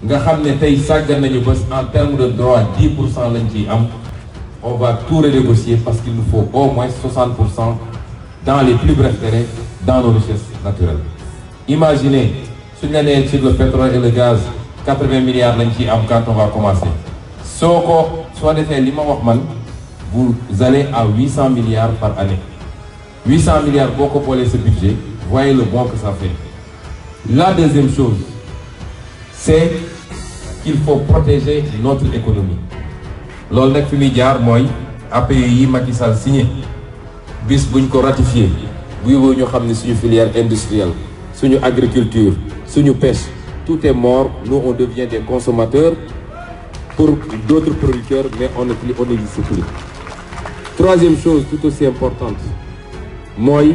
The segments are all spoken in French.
en terme de droit 10 on va tout renégocier parce qu'il nous faut au moins 60 dans les plus brefs terrains, dans nos richesses naturelles. imaginez suñ la nee le pétrole et le gaz 80 milliards lañ quand on va commencer Soit ko soo vous allez à 800 milliards par année 800 milliards beaucoup pour ce budget voyez le bon que ça fait. La deuxième chose, c'est il faut protéger notre économie L'on est fini muy jaar mooy Macky Sall signé bis buñ ko ratifié bu yóbboo ñu xam filière industrielle suñu agriculture suñu pêche tout est mort nous on devient des consommateurs pour d'autres producteurs mais on est plus on plus troisième chose tout aussi importante Moy,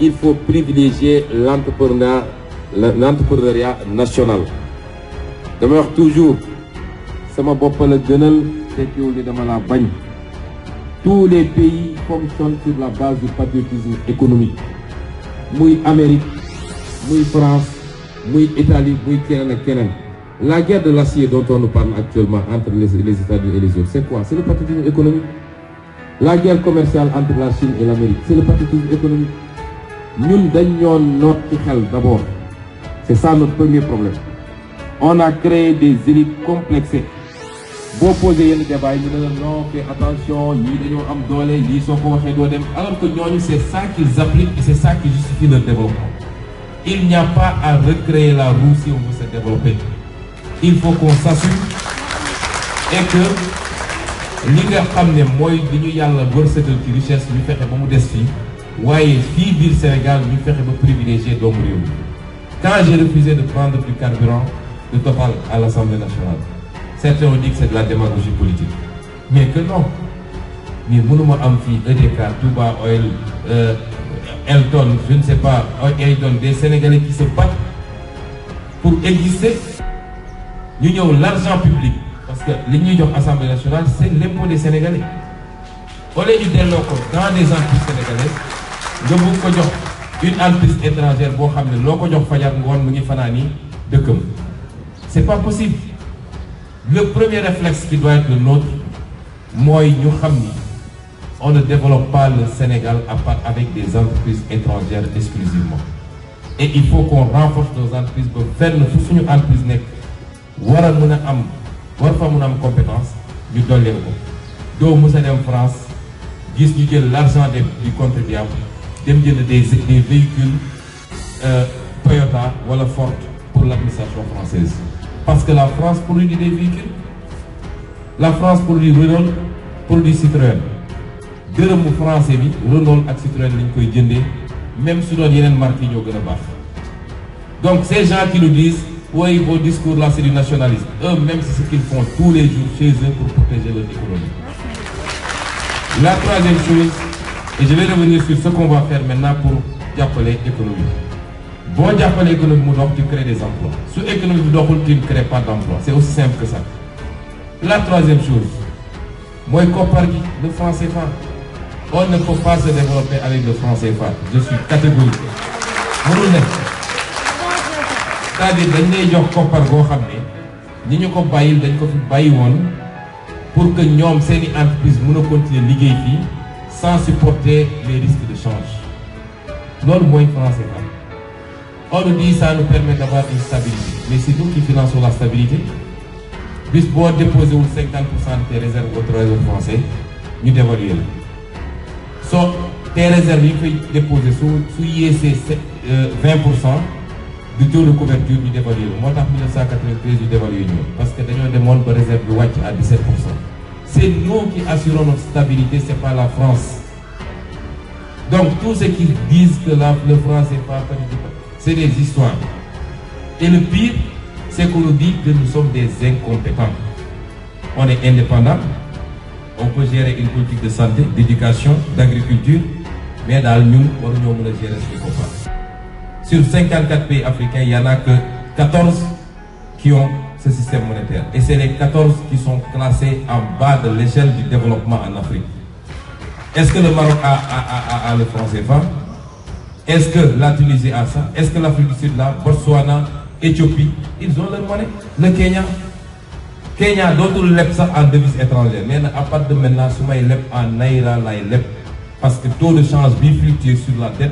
il faut privilégier l'entrepreneuriat national toujours. toujours dans la tous les pays fonctionnent sur la base du patriotisme économique Moui Amérique moui France moui Italie moui la guerre de l'acier dont on nous parle actuellement entre les, États-Unis et les autres c'est quoi c'est le patriotisme économique la guerre commerciale entre la Chine et l'Amérique c'est le patriotisme économique Nous dañ nord d'abord c'est ça notre premier problème on a créé des élites complexées Vous posez le débat mais non attention nous dañoo am ils sont soo ko waxee alors que nous, c'est ça qu'ils appliquent et c'est ça qui justifie leur développement il n'y a pas à recréer la roue si on veut se développer il faut qu'on s'assume et que li nga xam ne mooy la bourse de ci richesse filles, fexe ba mu des fii waaye Sénégal ñu fexe ba privilégier d'hommes. quand j'ai refusé de prendre du carburant de Topal à l'Assemblée nationale. Certains ont dit que c'est de la démagogie politique. Mais que non. Mais Mounoumo Amfi, EDK, Touba, Oil, euh, Elton, je ne sais pas, Elton, des Sénégalais qui se battent pour exister. Nous avons l'argent public. Parce que l'Union de l'Assemblée nationale, c'est l'impôt des Sénégalais. On est dans des entreprises sénégalaises. Je vous une artiste étrangère, vous savez, l'on a fait Fanani de n'est pas possible le premier réflexe qui doit être le nôtre moi, nous, savons on ne développe pas le Sénégal à part avec des entreprises étrangères exclusivement et il faut qu'on renforce nos entreprises pour faire nos suñu entreprise entreprises war a mën nous am war fa am compétence ñu dolleen ko France gis ñu l'argent du contribuable dem des véhicules euh, Toyota wala Ford l'administration française. Parce que la France produit des véhicules, la France produit Renault, produit Citroën. dërëmu français Renault et Citroën ils koy jëndee même si il yeneen marqué yi donc ces gens qui nous disent oui vos discours là c'est du nationalisme eux-mêmes c'est ce qu'ils font tous les jours chez eux pour protéger leur économie. La troisième chose et je vais revenir sur ce qu'on va faire maintenant pour appeler économie. Bon, jàppalee économie nous l'économie, tu crées des emplois Si l'économie, doxul tu ne crées pas d'emplois. c'est aussi simple que ça la troisième chose moi suis le franc CFA on ne peut pas se développer avec le franc CFA je suis catégorique Vous c'est-à-dire que nous jox koppar goo xam ne ñi pas nous pour que nous entreprises entreprise mën continuer liggéey sans supporter les risques de change loolu mooy français on nous dit ça nous permet d'avoir une stabilité. Mais c'est nous qui finançons la stabilité. Bis pour déposer 50 de tes réserves au trésor français nous dévaluer Sauf tes réserves il faut déposer sur su 20 euh, du taux de couverture nous dévaluer Moi, en 1993 je dévaluer parce que nous demande des réserve de à 17 c'est nous qui assurons notre stabilité Ce n'est pas la France donc tous ceux qui disent que la France n'est pas c'est des histoires. Et le pire, c'est qu'on nous dit que nous sommes des incompétents. On est indépendant, on peut gérer une politique de santé, d'éducation, d'agriculture, mais dans nous, on ne peut gérer ce qu'on Sur 54 pays africains, il n'y en a que 14 qui ont ce système monétaire. Et c'est les 14 qui sont classés en bas de l'échelle du développement en Afrique. Est-ce que le Maroc a, a le franc CFA est-ce que la Tunisie a ça Est-ce que l'Afrique du Sud l'a Botswana, Éthiopie, ils ont leur monnaie Le Kenya Kenya d'autres lèvres ça en devise étrangère Mais à partir de maintenant ce lève en naira la leb parce que taux de change bi sur la dette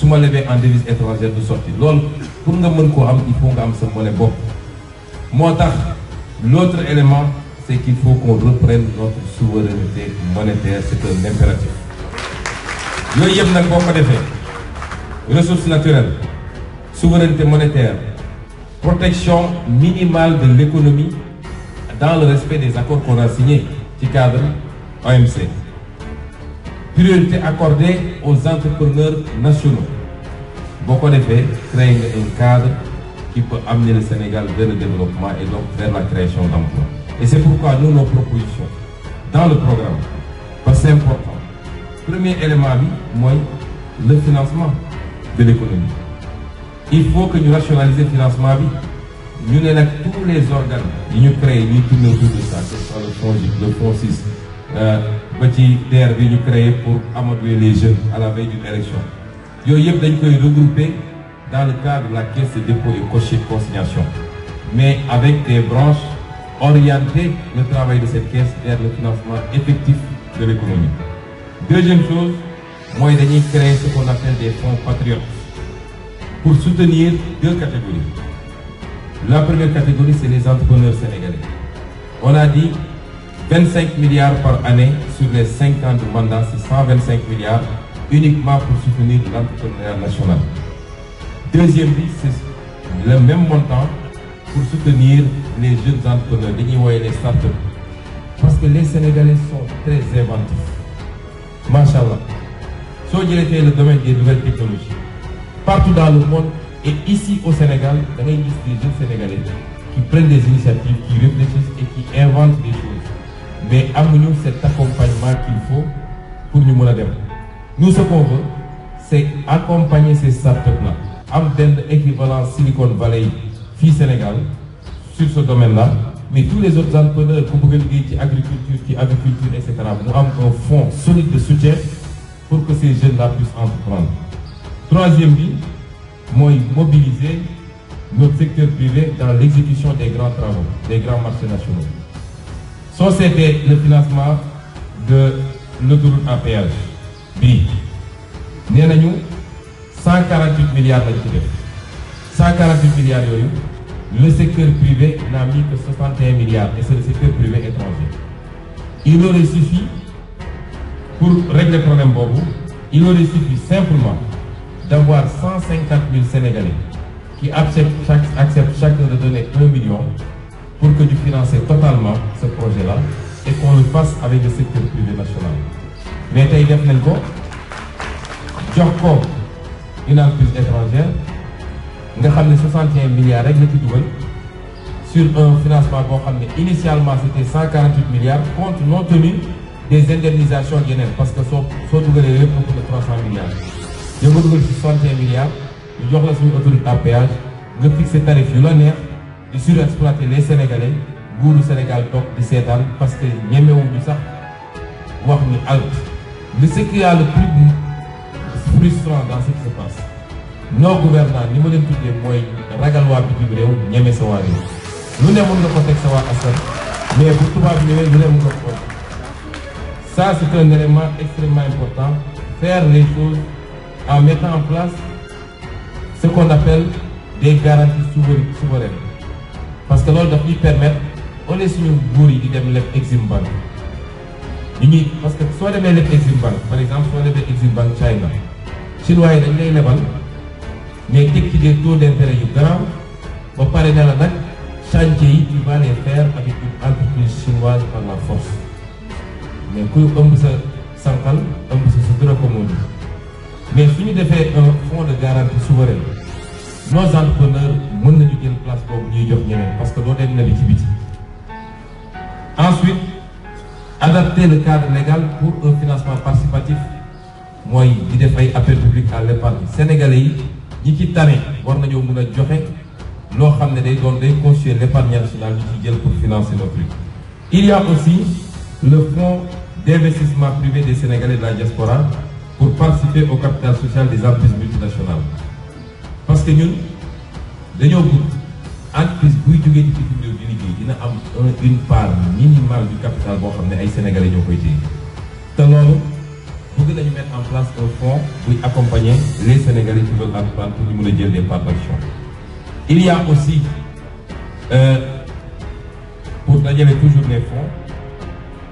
je lève en devise étrangère de sortie. Donc, pour que je me il faut nga am sa monnaie Bon, l'autre élément c'est qu'il faut qu'on reprenne notre souveraineté monétaire c'est un impératif yooyu yëpp nag boo de ressources naturelles, souveraineté monétaire, protection minimale de l'économie dans le respect des accords qu'on a signés du cadre OMC. Priorité accordée aux entrepreneurs nationaux. Beaucoup d'effets créent un cadre qui peut amener le Sénégal vers le développement et donc vers la création d'emplois. Et c'est pourquoi nous, nos propositions dans le programme, parce c'est important. Premier élément, moi, le financement de l'économie il faut que nous rationalisions le financement Nous élevons tous les organes ñu tous nos tourner autour de ça que ce soit le FONGIP le FONSIS euh, ba bi ñu créé pour amadouer les jeunes à la veille d'une élection Nous avons dañ koy regrouper dans le cadre de la caisse de dépôt et cocher consignation mais avec des branches orienter le travail de cette caisse vers le financement effectif de l'économie deuxième chose moi, Denis créer ce qu'on appelle des fonds patriotes pour soutenir deux catégories la première catégorie c'est les entrepreneurs sénégalais on a dit 25 milliards par année sur les 5 ans de mandat c'est 125 milliards uniquement pour soutenir l'entrepreneuriat national deuxième vie, c'est le même montant pour soutenir les jeunes entrepreneurs dañuy et les startups parce que les sénégalais sont très inventifs Masha'Allah soo le domaine des nouvelles technologies partout dans le monde et ici au Sénégal il des jeunes sénégalais qui prennent des initiatives qui réfléchissent et qui inventent des choses mais amenons cet accompagnement qu'il faut pour nous mën nous ce qu'on veut c'est accompagner ces startups là am équivalent Silicon Valley Fi Sénégal sur ce domaine là mais tous les autres entrepreneurs vous bëgg agriculture, qui agriculture qui nous avons un fonds solide de soutien pour que ces jeunes-là puissent entreprendre. Troisième vie moi mobiliser notre secteur privé dans l'exécution des grands travaux, des grands marchés nationaux. Ça, c'était le financement de l'autoroute APH, péage Nous 148 milliards de dollars, 148 milliards yooyu le secteur privé n'a mis que 61 milliards et c'est le secteur privé étranger. Il aurait suffi pour régler le problème Bobo, il aurait suffi simplement d'avoir 150 000 Sénégalais qui acceptent, chaque, acceptent chacun de donner 1 million pour que tu financer totalement ce projet-là et qu'on le fasse avec le secteur privé national. Mais tey def nañ ko une entreprise étrangère nga 61 milliards sur un financement initialement c'était 148 milliards compte non tenu des indemnisations générales, parce que sont sont les pour plus de 300 milliards. Je vous donne 61 milliards, je vous donne autour de la péage, je les tarifs lunaires, je les Sénégalais, vous le Sénégal top 17 ans, parce que n'y a même pas de ça, voire halte. Mais ce qui est le plus frustrant dans ce qui se passe, nos gouvernants, ni mon étude des moyens, regalois à Bibliou, n'y a même pas de ça. Nous n'avons pas de contexte à ça, mais pour tout le monde, nous n'avons pas ça, c'est un élément extrêmement important. Faire les choses en mettant en place ce qu'on appelle des garanties souveraines. Parce que l'on doit lui permettre, on est sur une bourrée qui aime l'exim bank. Parce que soit on aime l'exim bank, par exemple, soit on aime l'exim bank China. Chinois, est aiment les mais dès qu'il y a des taux d'intérêt grands, on parle dans la banque, chantier, tu les faire avec une entreprise chinoise par la force mais kuy ëmb sa on se sa comme on dit. mais fini de faire un fonds de garantie souverain nos entrepreneurs ne pas une place pour ñuy jox parce que l'on est une li ensuite adapter le cadre légal pour un financement participatif Moi, il défaille appel public à l'épargne sénégalais yi quitte ci tane war l'épargne nationale pour financer notre vie. il y a aussi le fonds d'investissement privé des Sénégalais de la diaspora pour participer au capital social des entreprises multinationales parce que nous, nous avons entreprise ci une part minimale du capital pour ramener sénégalais qui ont téye nous devons mettre en place un fonds pour accompagner les sénégalais qui veulent avoir pour les moyens des parts il y a aussi euh, pour dajale toujours les fonds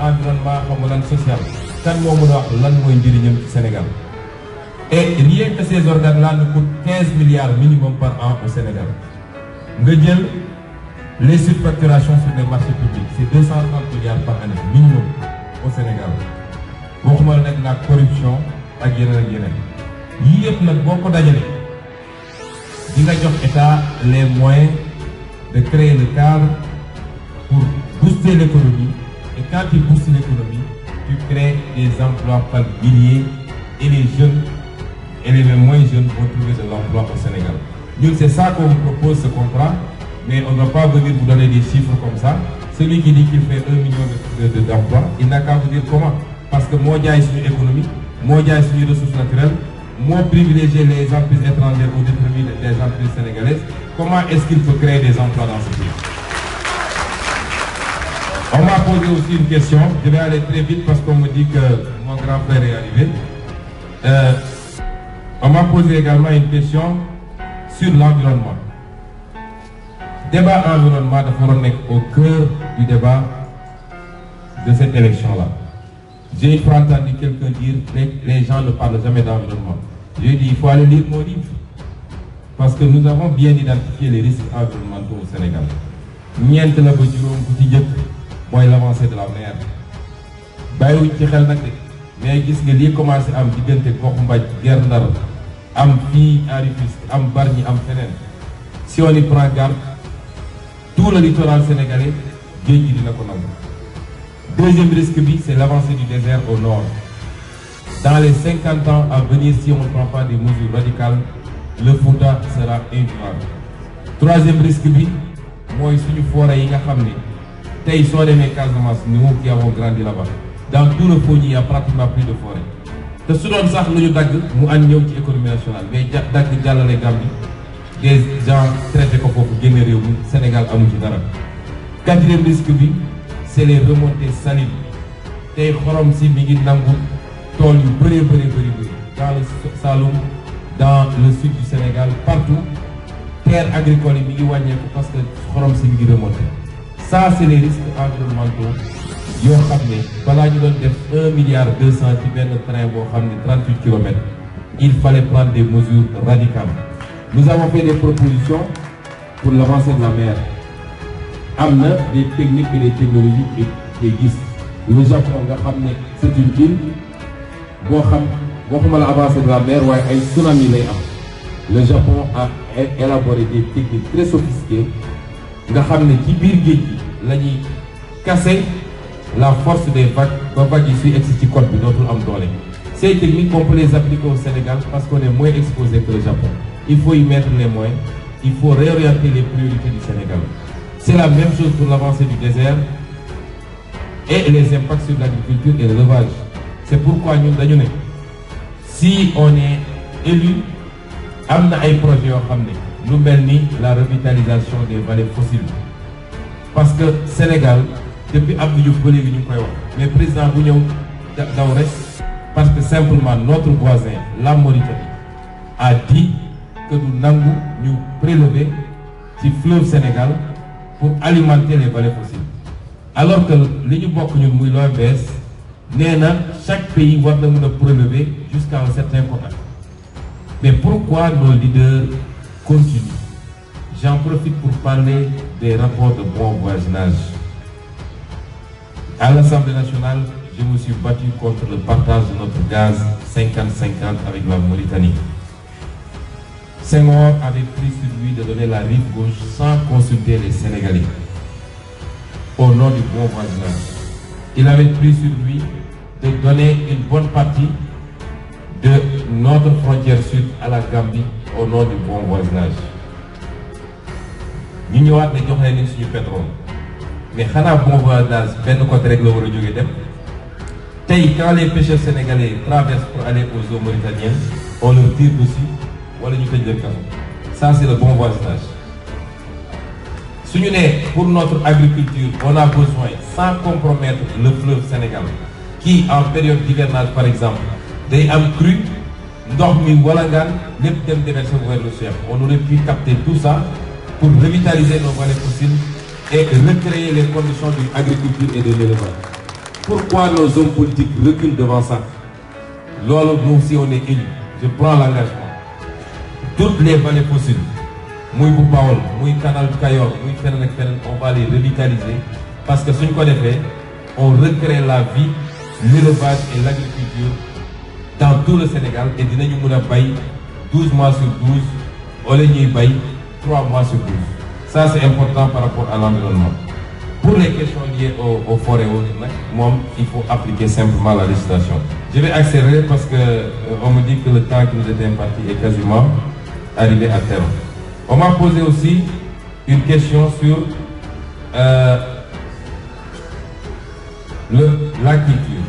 environnement xaw lan social kan nous avons a wax lan mooy Sénégal et rien que ces organes là ne coûtent 15 milliards minimum par an au Sénégal Nous les surfacturations sur les marchés publics c'est 230 milliards par année minimum au Sénégal waxuma avons la corruption ak yeneen ak yeneen yii yëpp beaucoup boo Il dajalee les moyens de créer le cadre pour booster l'économie et quand tu pousses l'économie, tu crées des emplois par milliers et les jeunes et les moins jeunes vont trouver de l'emploi au Sénégal. Donc c'est ça qu'on vous propose ce contrat, mais on ne va pas venir vous donner des chiffres comme ça. Celui qui dit qu'il fait 1 million d'emplois, il n'a qu'à vous dire comment. Parce que moi, j'ai su économie, moi, j'ai su ressources naturelles, moi, privilégier les entreprises étrangères au détriment des entreprises sénégalaises. Comment est-ce qu'il peut créer des emplois dans ce pays on m'a posé aussi une question. Je vais aller très vite parce qu'on me dit que mon grand frère est arrivé. Euh, on m'a posé également une question sur l'environnement. Débat environnement de au cœur du débat de cette élection-là. J'ai entendu quelqu'un dire que les gens ne parlent jamais d'environnement. Je dit, il faut aller lire mon livre. Parce que nous avons bien identifié les risques environnementaux au Sénégal mooy l'avancée de la mer Bayou ci xel nak mais gis nga li commencé am diggante gox mbaj ger ndar am fi arifis am am fenen si on y prend garde tout le littoral sénégalais géej gi dina ko nangu deuxième risque bi c'est l'avancée du désert au nord dans les 50 ans à venir si on ne prend pas des mesures radicales le Fouta sera invivable troisième risque bi moy suñu forêt yi nga xam tey soo demee masse, nous qui avons grandi là-bas dans tout le Fouta il n'y a pratiquement plus de forêt te ce doon nous avons nous avons économie nationale mais ja nous avons Gambie des gens très très foofu pour réew au Sénégal à ci dara. quatrième risque c'est les remontées salines tey si mi dans le Saloum dans le sud du Sénégal partout Les terres agricoles sont ngi parce que les si sont ngi remonté ça c'est les risques environnementaux yoo xam ne balaa ñu 1 milliard de km de train 38 xam 38 km, kilomètres il fallait prendre des mesures radicales nous avons fait des propositions pour l'avancée de la mer amener des techniques et des technologies et des le Japon nga c'est une ville boo xam waxuma la de la mer waaye ay tsunami lay le Japon a élaboré des techniques très sophistiquées nga xam ci la casser la force des vagues ba yi existe ci ces techniques on peut les appliquer au Sénégal parce qu'on est moins exposé que le Japon il faut y mettre les moyens il faut réorienter les priorités du Sénégal c'est la même chose pour l'avancée du désert et les impacts sur l'agriculture et le levage. c'est pourquoi nous, dañu si on est élu on a ay projets yoo xam la revitalisation des vallées fossiles parce que Sénégal depuis Abdou Diouf ñu mais président bu parce que simplement notre voisin la Mauritanie a dit que nous allons nous prélever du fleuve Sénégal pour alimenter les vallées fossiles alors que nous ñu bokk chaque pays va nous prélever jusqu'à un certain point. mais pourquoi nos leaders continuent J'en profite pour parler des rapports de bon voisinage. À l'Assemblée nationale, je me suis battu contre le partage de notre gaz 50-50 avec la Mauritanie. Senghor avait pris sur lui de donner la rive gauche sans consulter les Sénégalais. Au nom du bon voisinage, il avait pris sur lui de donner une bonne partie de notre frontière sud à la Gambie au nom du bon voisinage ñu ñëwaat ne jox leen suñu pétrole mais xanaa bon voisin benn côté rek la war a dem quand les pêcheurs sénégalais traversent pour aller aux eaux mauritaniennes on leur tire dessus wala ñu ça c'est le bon voisinage suñu pour notre agriculture on a besoin sans compromettre le fleuve Sénégal qui en période d'hivernage par exemple day am crue ndox mi walangaan lépp dem déverser vers le on aurait pu capter tout ça pour revitaliser nos vallées fossiles et recréer les conditions de l'agriculture et de l'élevage. Pourquoi nos hommes politiques reculent devant ça Lorsque nous aussi on est élus, je prends l'engagement. Toutes les vallées fossiles, Mouy Boupaol, Mouy Canal Kayor, Mouy on va les revitaliser parce que ce qu'on a fait, on recrée la vie, l'élevage et l'agriculture dans tout le Sénégal et nous avons 12 mois sur 12, on les trois mois sur plus. Ça, c'est important par rapport à l'environnement. Pour les questions liées aux, forêts, il faut appliquer simplement la législation. Je vais accélérer parce qu'on euh, me dit que le temps qui nous était imparti est quasiment arrivé à terme. On m'a posé aussi une question sur euh, la culture.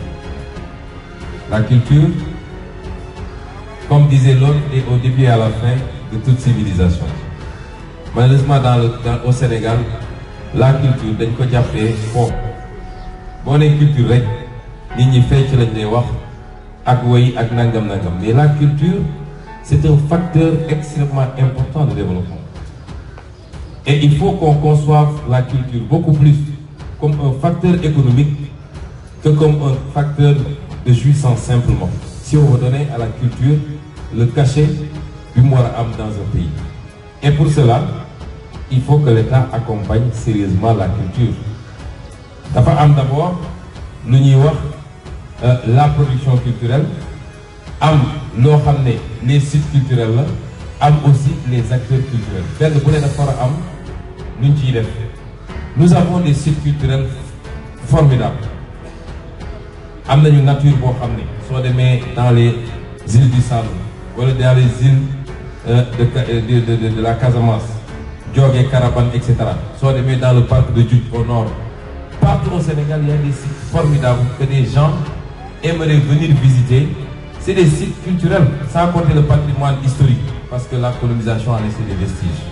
La culture, comme disait l'homme, est au début et à la fin de toute civilisation malheureusement au Sénégal la culture culture mais la culture c'est un facteur extrêmement important de développement et il faut qu'on conçoive la culture beaucoup plus comme un facteur économique que comme un facteur de jouissance simplement si on redonnait à la culture le cachet du moral dans un pays et pour cela il faut que l'État accompagne sérieusement la culture d'abord nous avons euh, la production culturelle Nous avons les sites culturels Nous aussi les acteurs culturels nous avons des sites culturels formidables avons une nature pour amener, soit dans les îles du Saloum Ou dans les îles euh, euh, de de la Casamance. Djogé, Caravane, etc. Soit les dans le parc de Jute au nord. Partout au Sénégal, il y a des sites formidables que des gens aimeraient venir visiter. C'est des sites culturels, sans compter le patrimoine historique, parce que la colonisation a laissé des vestiges.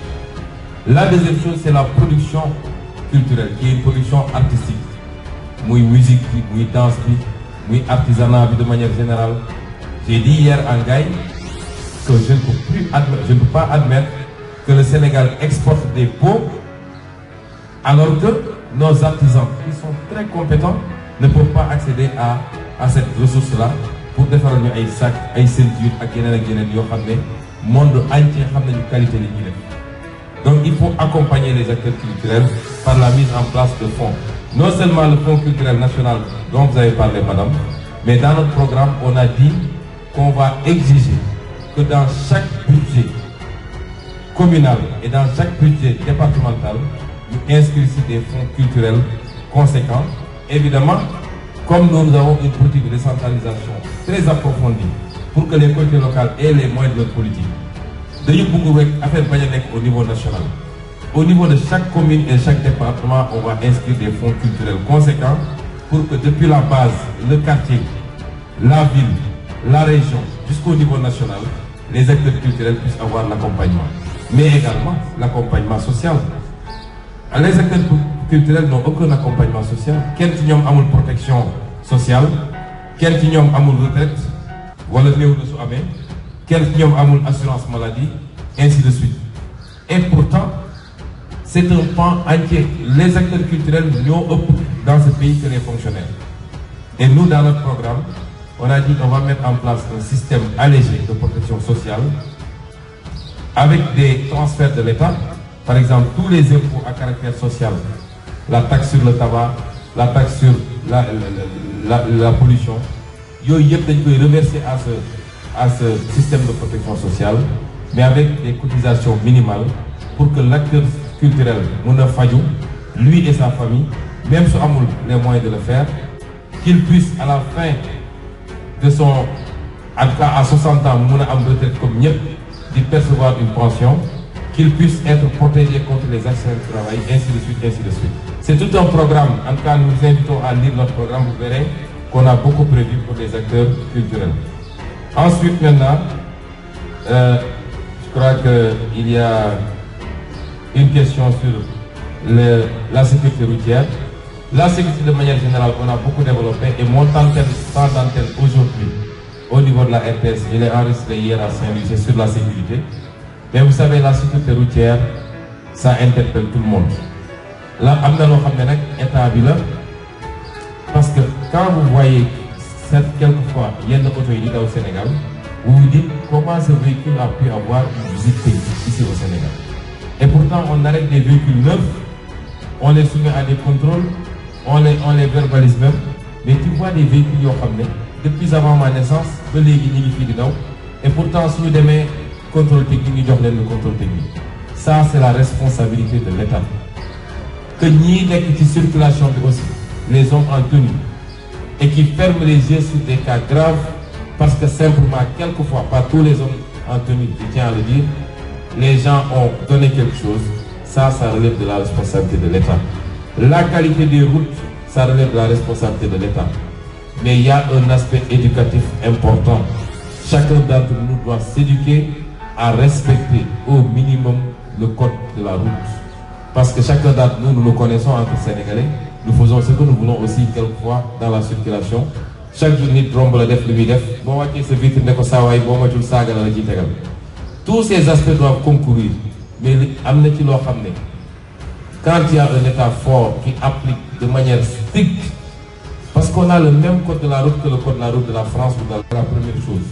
La deuxième chose, c'est la production culturelle, qui est une production artistique. oui musique, oui danse, oui artisanat de manière générale. J'ai dit hier en Gaï que je peux, plus je ne peux pas admettre que le Sénégal exporte des pauvres alors que nos artisans, qui sont très compétents, ne peuvent pas accéder à, cette ressource-là pour défendre un sac ay à monde entier a qualité de donc il faut accompagner les acteurs culturels par la mise en place de fonds non seulement le fonds culturel national dont vous avez parlé madame mais dans notre programme on a dit qu'on va exiger que dans chaque budget communal et dans chaque budget départemental, nous inscrivons des fonds culturels conséquents. Évidemment, comme nous, avons une politique de décentralisation très approfondie pour que les collectivités locales aient les moyens de notre politique, de bëgg à affaire au niveau national. Au niveau de chaque commune et chaque département, on va inscrire des fonds culturels conséquents pour que depuis la base, le quartier, la ville, la région, jusqu'au niveau national, les acteurs culturels puissent avoir l'accompagnement mais également l'accompagnement social. Les acteurs culturels n'ont aucun accompagnement social. Quel a une protection sociale, quel a une retraite, voilà le dessous amé, quel quelqu'un a une assurance maladie, ainsi de suite. Et pourtant, c'est un pan qui Les acteurs culturels n'ont pas dans ce pays que les fonctionnaires. Et nous, dans notre programme, on a dit qu'on va mettre en place un système allégé de protection sociale avec des transferts de l'État, par exemple tous les impôts à caractère social, la taxe sur le tabac, la taxe sur la, la, pollution, il peut dañ à ce à ce système de protection sociale mais avec des cotisations minimales pour que l'acteur culturel Mouna Fayou, lui et sa famille même on moule les moyens de le faire qu'il puisse à la fin de son à 60 ans Mouna comme ñëpp percevoir une pension, qu'ils puissent être protégés contre les accidents de travail, ainsi de suite, ainsi de suite. C'est tout un programme. En tout cas, nous invitons à lire notre programme, vous verrez qu'on a beaucoup prévu pour les acteurs culturels. Ensuite, maintenant, euh, je crois qu'il y a une question sur la sécurité routière. La sécurité, de manière générale, on a beaucoup développé et mon temps d'antenne aujourd'hui au niveau de la RTS. il est enregistré hier à Saint-Louis, sur la sécurité. Mais vous savez, la sécurité routière, ça interpelle tout le monde. Là, parce que quand vous voyez cette quelquefois, il y a une autorité au Sénégal, vous vous dites comment ce véhicule a pu avoir une visite ici au Sénégal. Et pourtant, on arrête des véhicules neufs, on les soumet à des contrôles, on les, on les verbalise même, mais tu vois des véhicules qui ont depuis avant ma naissance je veux les ngi et pourtant nous demain contrôle technique nous jox le contrôle technique ça c'est la responsabilité de l'État que ni les ci circulation de aussi les hommes en tenue et qui ferment les yeux sur des cas graves parce que simplement quelquefois pas tous les hommes en tenue je tiens à le dire les gens ont donné quelque chose ça ça relève de la responsabilité de l'État la qualité des routes ça relève de la responsabilité de l'État mais il y a un aspect éducatif important. Chacun d'entre nous doit s'éduquer à respecter au minimum le code de la route. Parce que chacun d'entre nous, nous le connaissons entre Sénégalais, nous faisons ce que nous voulons aussi quelquefois dans la circulation. Chaque jour, nous trompons le def, le Tous ces aspects doivent concourir. Mais quand il y a un État fort qui applique de manière stricte parce qu'on a le même code de la route que le code de la route de la France ou de la première chose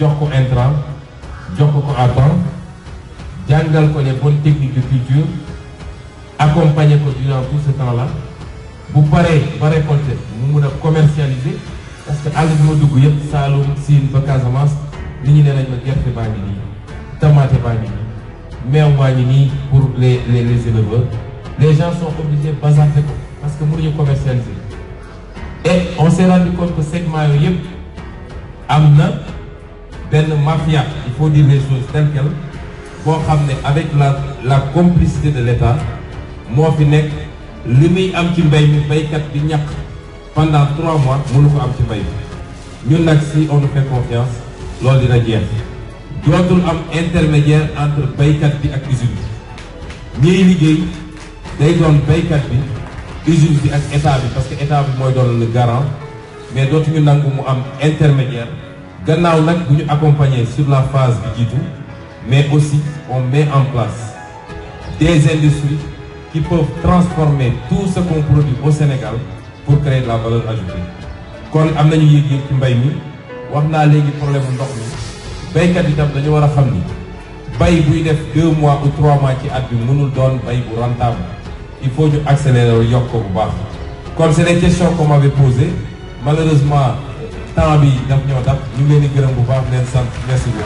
Djoko ko Djoko attend, ko connaît les bonnes techniques de culture accompagner ko durant tout ce temps là Vous parlez, vous parlez mu nous commercialiser parce que l'époque, bi ma dugg yëpp Saloum Sine ba Nous, nit ñi nee nañ ma gerte baa ngi nii tomate baa Mais on pour les les les éleveurs les gens sont obligés basaate ko parce que mënuñu commercialiser. Et on s'est rendu compte que cette maillots-là ont une mafia, il faut dire les choses telles quelles, pour qu'avec la complicité de l'État, Moi puisse l'éliminer avec une baisse de 3,4 milliards. Pendant trois mois, on n'a pas eu de baisse. Nous, on nous fait confiance lors de la guerre. Il y a intermédiaire entre 3,4 milliards et l'élimination. Nous, les gens, nous avons 3,4 milliards usine bi ak état parce que l'État bi mooy le garant mais d'autres nangu mu am intermédiaire gannaaw a bu sur la phase bi jiitu mais aussi on met en place des industries qui peuvent transformer tout ce qu'on produit au Sénégal pour créer de la valeur ajoutée kon am nañu yëg-yëg ci mbay mi problèmes naa léegi problème de ndox mi béykat yi tam dañu war xam ni deux mois ou trois mois qui at bi mënul doon bay bu rentable il faut accélérer le Comme c'est les questions qu'on m'avait posées malheureusement tant pis, nous merci beaucoup